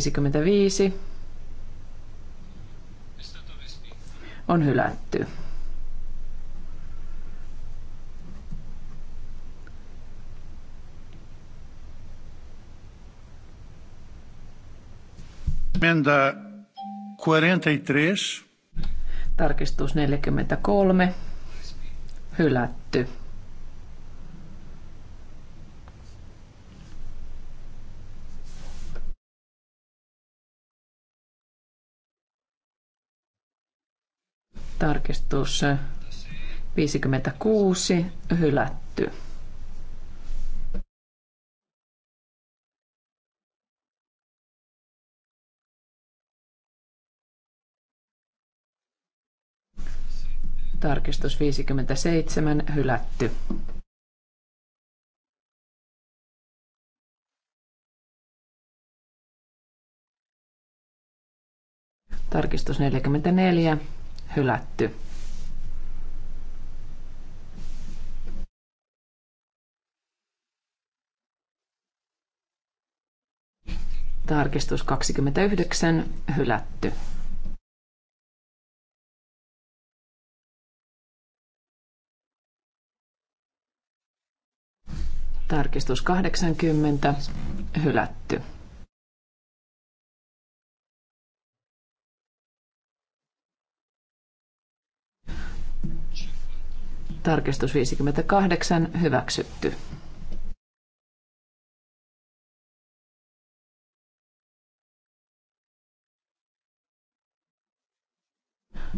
55 on hylätty. Emenda 43. E Tarkistus 43. Hylätty. Tarkistus 56 hylätty. Tarkistus 57 hylätty. Tarkistus 44 hylätty. Tarkistus 29 hylätty. Tarkistus 80 hylätty. Tarkistus 58 hyväksytty.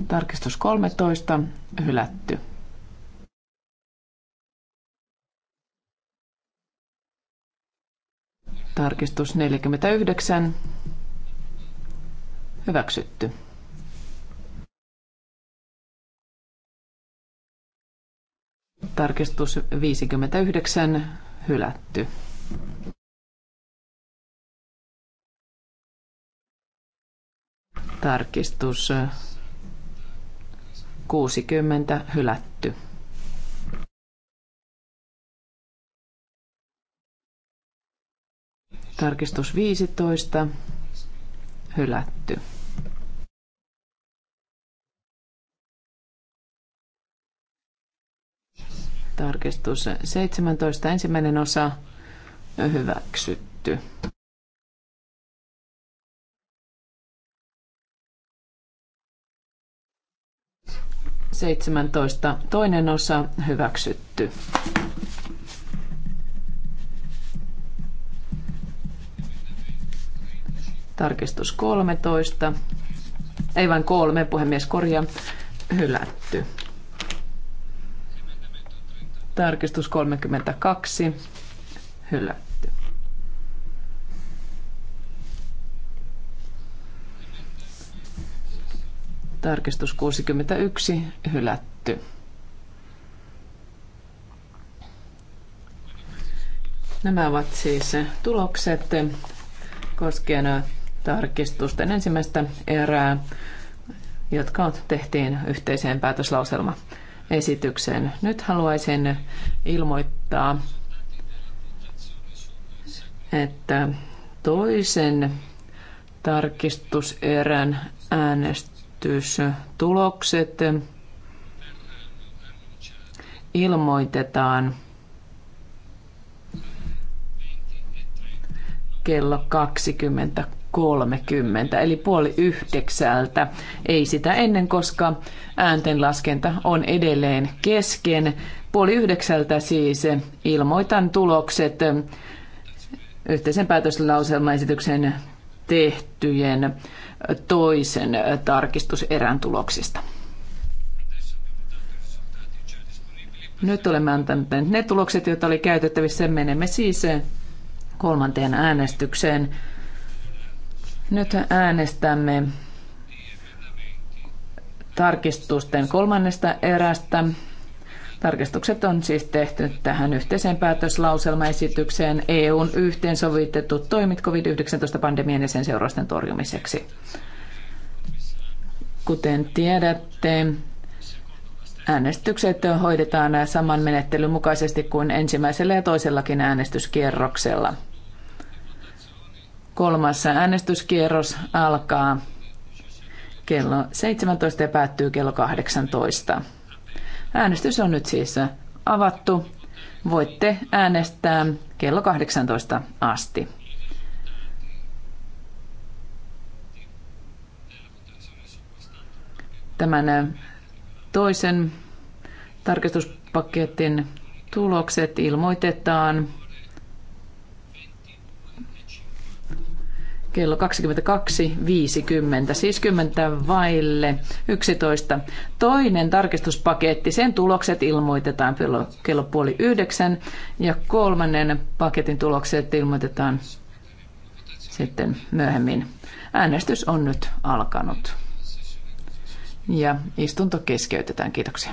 Tarkistus 13 hylätty. Tarkistus 49 hyväksytty. Tarkistus 59 hylätty. Tarkistus 60 hylätty. Tarkistus 15 hylätty. Tarkistus 17. Ensimmäinen osa hyväksytty. Seitsemäntoista. Toinen osa hyväksytty. Tarkistus 13. Ei vain kolme, puhemies korjaa, hylätty. Tarkistus 32. Hylätty. Tarkistus 61. Hylätty. Nämä ovat siis tulokset koskien tarkistusten ensimmäistä erää, jotka tehtiin yhteiseen päätöslauselmaan. Esitykseen Nyt haluaisin ilmoittaa, että toisen tarkistuserän äänestystulokset ilmoitetaan kello 30, eli puoli yhdeksältä. Ei sitä ennen, koska ääntenlaskenta on edelleen kesken. Puoli yhdeksältä siis ilmoitan tulokset yhteisen päätöslauselmaesityksen tehtyjen toisen tarkistuserän tuloksista. Nyt olemme antaneet ne tulokset, joita oli käytettävissä. Menemme siis kolmanteen äänestykseen. Nyt äänestämme tarkistusten kolmannesta erästä. Tarkistukset on siis tehty tähän yhteiseen päätöslauselmaesitykseen EUn yhteensovitetut toimit COVID-19-pandemian ja sen seurausten torjumiseksi. Kuten tiedätte, äänestykset hoidetaan saman menettelyn mukaisesti kuin ensimmäisellä ja toisellakin äänestyskierroksella. Kolmas äänestyskierros alkaa kello 17 ja päättyy kello 18. Äänestys on nyt siis avattu. Voitte äänestää kello 18 asti. Tämän toisen tarkastuspaketin tulokset ilmoitetaan kello 22.50, siis 10 vaille 11. Toinen tarkistuspaketti, sen tulokset ilmoitetaan kello puoli yhdeksän ja kolmannen paketin tulokset ilmoitetaan sitten myöhemmin. Äänestys on nyt alkanut ja istunto keskeytetään. Kiitoksia.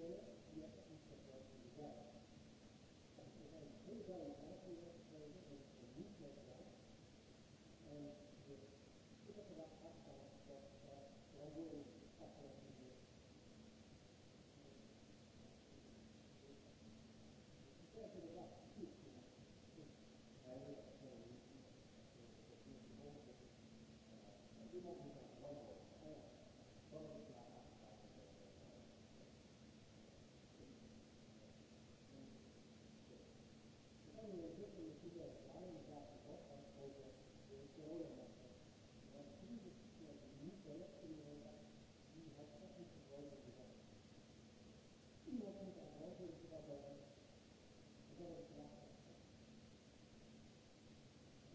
Thank you.